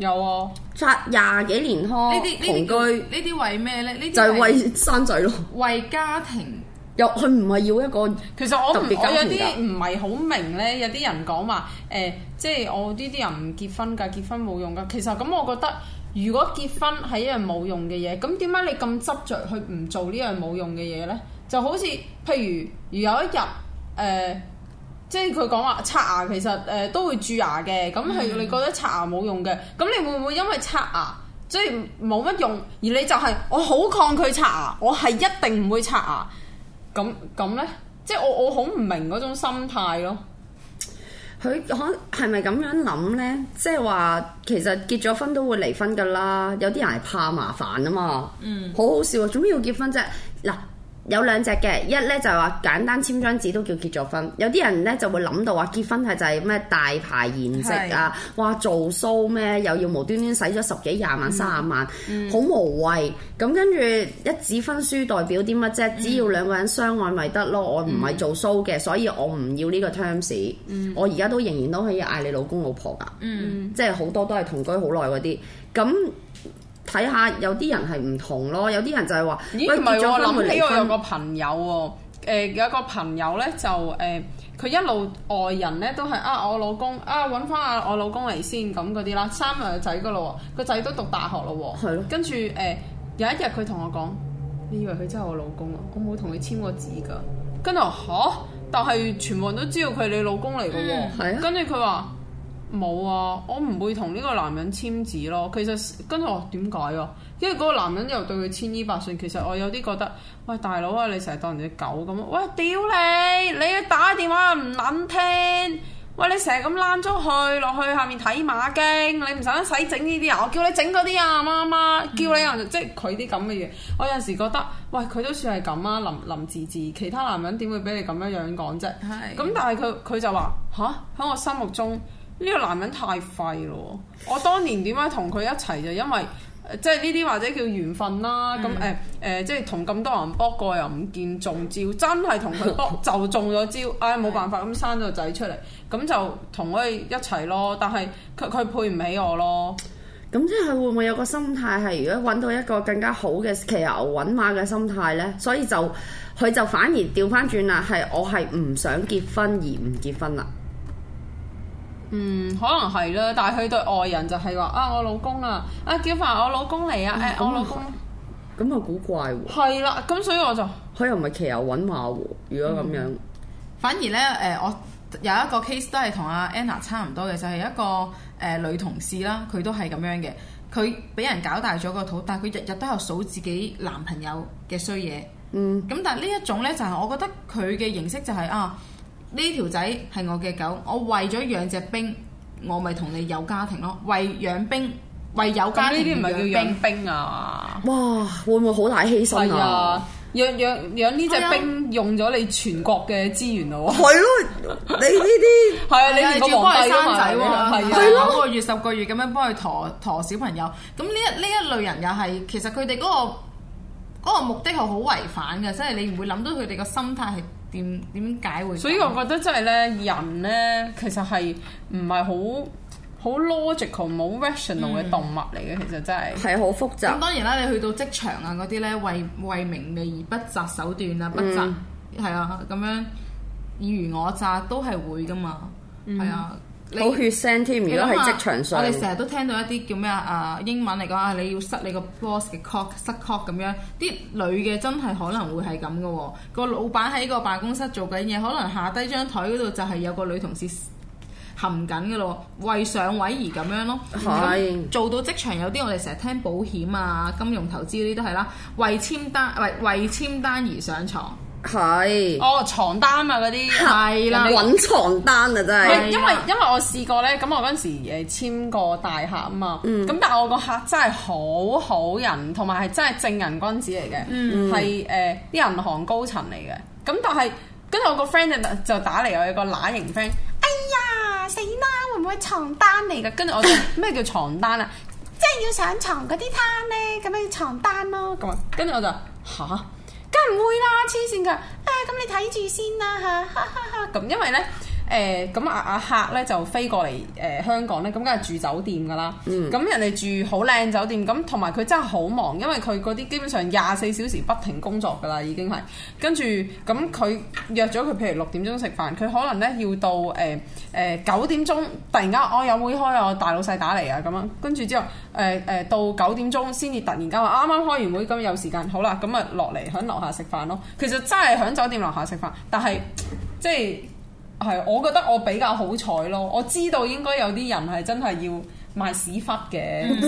有啊，拆廿幾年開，些居呢啲呢句，呢啲為咩咧？呢啲就係為生仔咯，為家庭。又佢唔係要一個，其實我我有啲唔係好明咧。有啲人講話誒，即係我呢啲人唔結婚㗎，結婚冇用㗎。其實咁，我覺得如果結婚係一樣冇用嘅嘢，咁點解你咁執着去唔做呢樣冇用嘅嘢咧？就好似譬如，如有一日誒。呃即係佢講話刷牙其實誒都會蛀牙嘅，咁係你覺得刷牙冇用嘅，咁、嗯、你會唔會因為刷牙即係冇乜用，而你就係、是、我好抗拒刷牙，我係一定唔會刷牙，咁咁咧，即係、就是、我我好唔明嗰種心態咯、嗯是是。佢可係咪咁樣諗咧？即係話其實結咗婚都會離婚噶啦，有啲人係怕麻煩啊嘛。嗯，好好笑喎、啊，做咩要結婚啫？嗱。有兩隻嘅，一咧就話簡單簽張紙都叫結咗婚。有啲人咧就會諗到話結婚係就係咩大排筵席啊，是的 哇做 show 咩又要無端端使咗十幾廿萬卅萬，好、嗯、無謂。咁跟住一紙婚書代表啲乜啫？只要兩個人相愛咪得咯。我唔係做 show 嘅，所以我唔要呢個 terms。嗯、我而家都仍然都可以嗌你老公老婆㗎，嗯、即係好多都係同居好耐嗰啲咁。睇下有啲人係唔同咯，有啲人，人就係話咦，唔係喎，諗起我有個朋友喎、呃，有一個朋友咧就誒，佢、呃、一路外人咧都係啊我老公啊揾翻啊，我老公嚟先咁嗰啲啦，生埋個仔噶咯，個仔都讀大學咯喎，係咯，跟住誒有一日佢同我講， 你以為佢真係我老公我啊？我冇同佢簽過字噶，跟住我嚇，但係全部人都知道佢係你老公嚟喎，係啊、 嗯，跟住佢話。冇啊！我唔會同呢個男人簽字咯。其實跟住我點解啊？因為嗰個男人又對佢千依百順。其實我有啲覺得，喂大佬啊，你成日當人哋狗咁啊！喂屌你，你要打電話又唔撚聽？喂你成日咁躝出去落去下面睇馬經，你唔使使整呢啲啊！我叫你整嗰啲啊，媽媽叫你啊，嗯、即係佢啲咁嘅嘢。我有陣時覺得，喂佢都算係咁啊，林林志治，其他男人點會俾你咁樣樣講啫？咁唉但係佢佢就話吓，喺我心目中。呢個男人太廢咯！我當年點解同佢一齊就因為、呃、即係呢啲或者叫緣分啦咁誒誒，即係同咁多人搏過又唔見中招，真係同佢搏就中咗招，唉、哎，冇辦法咁生咗個仔出嚟，咁就同佢一齊咯。但係佢佢配唔起我咯。咁即係會唔會有個心態係如果揾到一個更加好嘅騎牛揾馬嘅心態呢，所以就佢就反而調翻轉啦，係我係唔想結婚而唔結婚啦。嗯，可能係啦，但係佢對外人就係話啊，我老公啊，啊叫埋我老公嚟啊，誒，我老公咁啊古怪喎、啊。係啦，咁所以我就佢又唔係騎牛搵馬喎。如果咁樣、嗯，反而咧誒、呃，我有一個 case 都係同阿 Anna 差唔多嘅，就係、是、一個誒、呃、女同事啦，佢都係咁樣嘅，佢俾人搞大咗個肚，但係佢日日都有數自己男朋友嘅衰嘢。嗯，咁但係呢一種咧就係、是、我覺得佢嘅形式就係、是、啊。呢條仔係我嘅狗，我為咗養隻兵，我咪同你有家庭咯。為養兵，為有家庭而養兵啊！哇，會唔會好大犧牲啊？係啊，養養養呢隻兵用咗你全國嘅資源咯。係咯、啊 啊，你呢啲係啊，你住幫佢生仔喎，係啊，九、 啊啊、個月、十個月咁樣幫佢陀陀小朋友。咁、嗯、呢一呢一類人又係，其實佢哋嗰個、嗰個目的係好違反嘅，即係你唔會諗到佢哋個心態係。點點解會？所以我覺得真係咧，人咧其實係唔係好好 logical、冇 rational 嘅動物嚟嘅，其實真係係好複雜。咁當然啦，你去到職場啊嗰啲咧，為為名利而不擇手段啊，不擇係、嗯、啊，咁樣爾虞我詐都係會㗎嘛，係、嗯、啊。冇血腥添，如果喺職場上，啊、我哋成日都聽到一啲叫咩啊？誒英文嚟講啊，你要塞你個 boss 嘅 cock，塞 cock 咁樣，啲女嘅真係可能會係咁嘅喎。個老闆喺個辦公室做緊嘢，可能下低張枱嗰度就係有個女同事含緊嘅咯，為上位而咁樣咯。是 做到職場有啲，我哋成日聽保險啊、金融投資呢啲都係啦，為簽單，為為簽單而上床。係，哦是、oh, 床單啊嗰啲，係、嗯、啦，搵床單啊真係是啦，因為因為我試過咧，咁我嗰陣時誒簽個大客啊嘛，咁、嗯、但係我個客真係好好人，同埋係真係正人君子嚟嘅，係誒啲銀行高層嚟嘅，咁但係跟住我個 friend 就就打嚟我一個乸型 friend，哎呀死啦，會唔會床單嚟噶？跟住 我就咩叫床單啊？即係要上床嗰啲攤咧，咁樣床單咯，咁跟住我就吓。唔、啊、會啦，黐線㗎！唉、啊，咁你睇住先啦，哈哈，哈哈。咁因為咧。誒，咁阿阿客咧就飛過嚟誒、呃、香港咧，咁梗係住酒店噶啦。咁、嗯、人哋住好靚酒店，咁同埋佢真係好忙，因為佢嗰啲基本上廿四小時不停工作噶啦，已經係跟住咁佢約咗佢，譬如六點鐘食飯，佢可能咧要到誒誒九點鐘，突然間我、哦、有會開我大老細打嚟啊咁啊，跟住之後誒誒、呃呃、到九點鐘先至突然間話啱啱開完會咁有時間，好啦，咁啊落嚟喺樓下食飯咯。其實真係喺酒店樓下食飯，但係即係。係，我覺得我比較好彩咯，我知道應該有啲人係真係要賣屎忽嘅。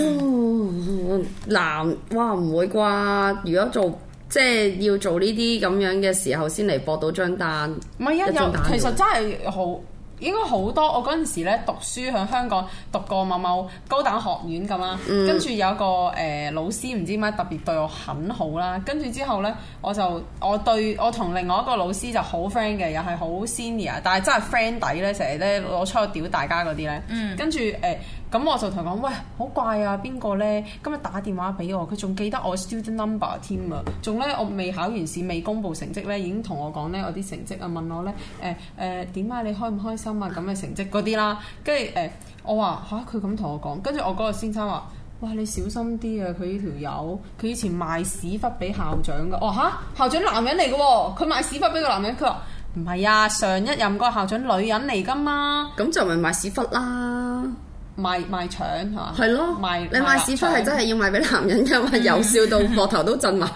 嗱、嗯 呃，哇唔會啩？如果做即係要做呢啲咁樣嘅時候，先嚟博到張單，唔係啊，又其實真係好。應該好多，我嗰陣時咧讀書喺香港讀過某某高等學院咁啦，嗯、跟住有個誒、呃、老師唔知點解特別對我很好啦，跟住之後咧我就我對我同另外一個老師就好 friend 嘅，又係好 senior，但係真係 friend 底咧，成日咧攞出去屌大家嗰啲咧，嗯、跟住誒。呃咁我就同佢講：喂，好怪啊！邊個呢？今日打電話俾我，佢仲記得我 student number 添啊！仲呢，我未考完試，未公佈成績呢，已經同我講呢，我啲成績啊，問我呢，欸，誒誒點啊？你開唔開心啊？咁嘅成績嗰啲啦，跟住誒，我話吓，佢咁同我講，跟住我嗰個先生話：哇，你小心啲啊！佢呢條友，佢以前賣屎忽俾校長噶。哦，吓，啊，校長男人嚟嘅喎，佢賣屎忽俾個男人。佢話：唔係啊，上一任個校長女人嚟噶嘛。咁就咪賣屎忽啦。賣賣腸係嘛？係咯，賣，賣 你賣屎忽係真係要賣俾男人嘅，嘛、嗯，由笑到膊頭都震埋。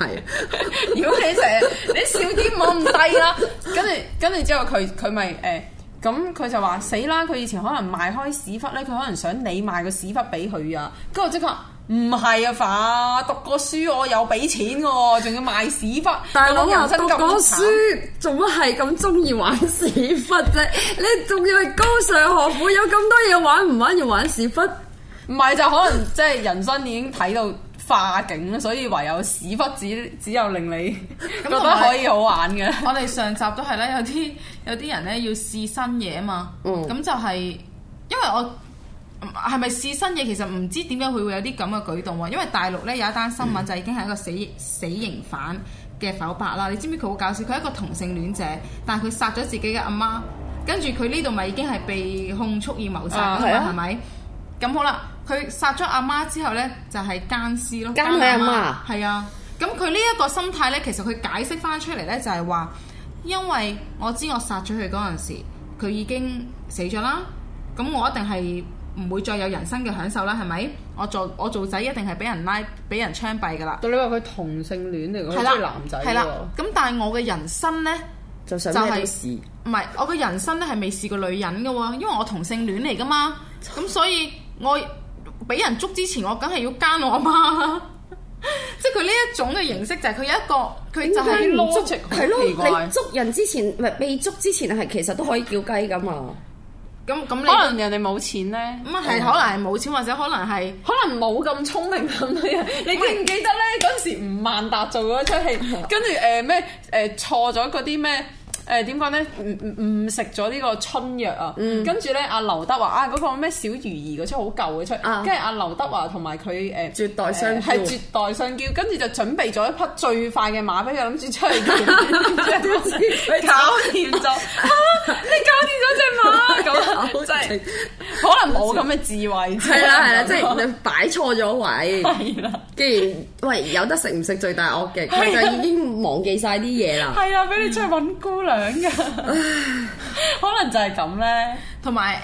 如果你成日，你笑點冇唔低啦，跟住跟住之後佢佢咪誒，咁佢就話、欸、死啦！佢以前可能賣開屎忽咧，佢可能想你賣個屎忽俾佢啊，跟住即刻。唔係啊，凡讀過書我有俾錢嘅，仲要賣屎忽，大佬人生咁慘，讀過書做乜係咁中意玩屎忽啫？你仲要係高尚學府，有咁多嘢玩，唔玩要玩屎忽？唔係 就可能即係人生已經睇到化境，所以唯有屎忽只只有令你覺得可以好玩嘅。我哋上集都係咧，有啲有啲人咧要試新嘢啊嘛，咁、嗯、就係因為我。係咪試新嘢？其實唔知點解佢會有啲咁嘅舉動喎。因為大陸咧有一單新聞就已經係一個死死刑犯嘅剖白啦。嗯、你知唔知佢好搞笑？佢係一個同性戀者，但係佢殺咗自己嘅阿媽，跟住佢呢度咪已經係被控蓄意謀殺咁係咪？咁、啊啊、好啦，佢殺咗阿媽之後呢，就係奸屍咯。姦佢阿媽。係啊，咁佢呢一個心態呢，其實佢解釋翻出嚟呢，就係話，因為我知我殺咗佢嗰陣時，佢已經死咗啦，咁我一定係。唔會再有人生嘅享受啦，係咪？我做我做仔一定係俾人拉，俾人槍斃噶啦。對你話佢同性戀嚟講，係男仔喎。咁但係我嘅人生咧，就係唔係我嘅人生咧，係未試過女人嘅喎，因為我同性戀嚟噶嘛。咁 所以我俾人捉之前，我梗係要奸我阿媽。 即係佢呢一種嘅形式，就係佢有一個佢就係邏輯，係咯了。你捉人之前，未捉之前係其實都可以叫雞噶嘛。嗯咁咁，你可能人哋冇錢咧，咁啊係，可能係冇錢，或者可能係，可能冇咁聰明咁多人， 你記唔記得咧？嗰陣 時吳萬達做咗出戲，跟住誒咩誒錯咗嗰啲咩？誒點講咧？唔唔唔食咗呢個春藥啊！跟住咧，阿劉德華啊，嗰個咩小魚兒嗰出好舊嗰出，跟住阿劉德華同埋佢誒絕代雙驕，係絕代雙驕，跟住就準備咗一匹最快嘅馬俾佢，諗住出去搞掂咗。你搞掂咗隻馬？即係可能冇咁嘅智慧，係啦係啦，即係擺錯咗位。既然喂有得食唔食罪大惡極，佢就已經忘記晒啲嘢啦。係啊，俾你出去揾姑娘。 可能就係咁咧。同埋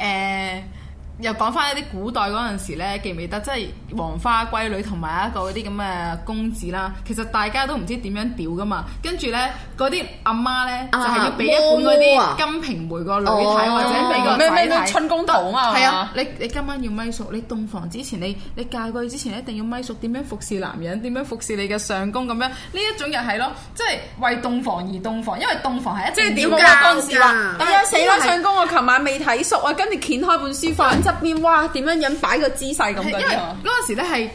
誒。又講翻一啲古代嗰陣時咧，記唔記得？即係黃花閨女同埋一個啲咁嘅公子啦。其實大家都唔知點樣屌噶嘛。跟住咧，嗰啲阿媽咧、啊、就係要俾一本啲金瓶梅女、啊、個女睇，或者俾個咩咩咩春宮圖啊嘛？係啊！你你今晚要咪熟？你洞房之前，你你嫁過去之前，一定要咪熟點樣服侍男人，點樣服侍你嘅相公？咁樣。呢一種又係咯，即係為洞房而洞房，因為洞房係一即係點㗎？當時話：點解死啦，相公。我琴晚未睇熟啊！跟住掀開本書翻。Okay. 側面哇，點樣飲擺個姿勢咁樣？因為嗰陣時咧係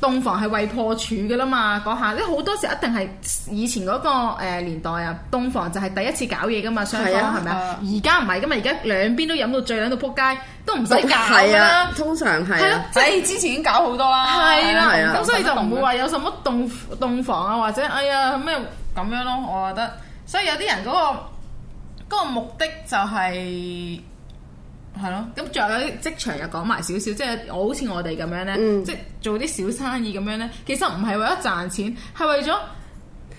洞房係為破處嘅啦嘛，嗰下咧好多時一定係以前嗰個誒年代啊，洞房就係第一次搞嘢噶嘛，雙方係咪啊？而家唔係噶嘛，而家兩邊都飲到醉，飲到仆街，都唔使搞。係啦。通常係係咯，即係之前已經搞好多啦，係啦，咁所以就唔會話有什麼洞洞房啊，或者哎呀咩咁樣咯。我覺得，所以有啲人嗰個嗰個目的就係。係咯，咁仲有啲職場又講埋少少，即係好似我哋咁樣咧，嗯、即係做啲小生意咁樣咧，其實唔係為咗賺錢，係為咗。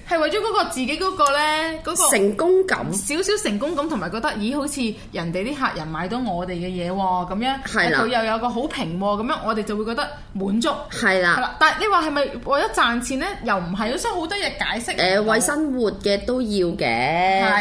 係為咗嗰個自己嗰個咧，嗰、嗰個成功感，少少成功感同埋覺得，咦好似人哋啲客人買到我哋嘅嘢喎，咁樣佢的又有個好評喎，咁樣我哋就會覺得滿足。係啦的，但係你話係咪為咗賺錢咧？又唔係，所以好多嘢解釋。誒、呃，為生活嘅都要嘅，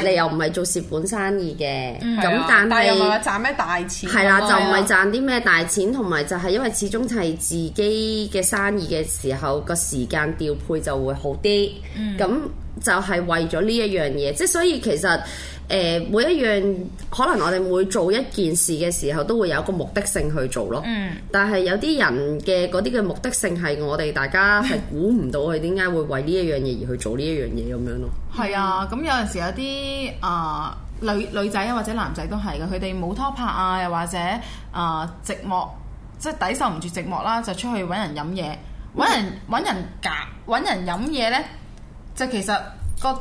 的你又唔係做蝕本生意嘅，咁、嗯、但係但係又話賺咩大，大錢？係啦的，就唔係賺啲咩大錢，同埋就係因為始終係自己嘅生意嘅時候，個時間調配就會好啲。咁、嗯。嗯咁就係為咗呢一樣嘢，即係所以其實誒、呃，每一樣可能我哋每做一件事嘅時候，都會有一個目的性去做咯。嗯但，但係有啲人嘅嗰啲嘅目的性係我哋大家係估唔到，佢點解會為呢一樣嘢而去做呢一樣嘢咁樣咯。係、 嗯、啊，咁有陣時有啲啊、呃、女女仔啊或者男仔都係㗎，佢哋冇拖拍啊，又或者啊、呃、寂寞，即係抵受唔住寂寞啦，就出去搵人飲嘢，搵、嗯、人搵人夾搵人飲嘢呢。就其實個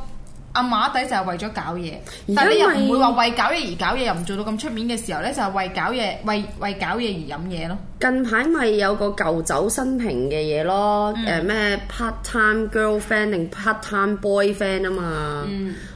阿馬底就係為咗搞嘢，但係你又唔會話為搞嘢而搞嘢，又唔做到咁出面嘅時候咧，就係、是、為搞嘢，為為搞嘢而飲嘢咯。近排咪有個舊酒新瓶嘅嘢咯，誒咩、嗯呃、part time girlfriend 定 part time boy friend 啊嘛，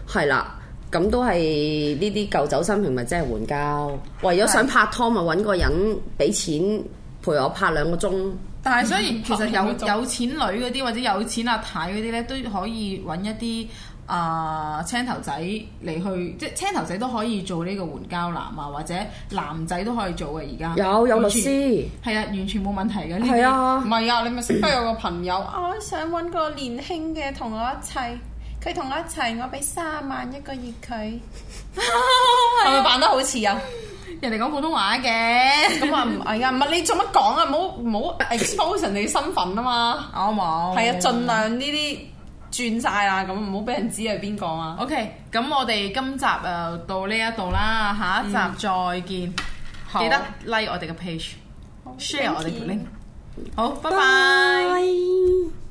係、嗯、啦，咁都係呢啲舊酒新瓶，咪即係援交，為咗想拍拖咪揾個人俾錢陪我拍兩個鐘。但係，所以其實有、嗯、有錢女嗰啲，或者有錢阿太嗰啲咧，都可以揾一啲啊、呃、青頭仔嚟去，即係青頭仔都可以做呢個援交男啊，或者男仔都可以做嘅而家。有全有律師，係啊，完全冇問題嘅。係啊，唔係啊，你咪識得有個朋友， 我想揾個年輕嘅同我一齊。佢同我一齊，我俾三萬一個月佢，係咪扮得好似啊？人哋講普通話嘅，咁我唔係啊，唔係你做乜講啊？唔好唔好 expose 人哋身份啊嘛，好唔好？係啊，盡量呢啲轉晒啊，咁唔好俾人知係邊個啊。OK，咁我哋今集誒到呢一度啦，下一集再見，記得 like 我哋嘅 page，share 我哋嘅 link，好，拜拜。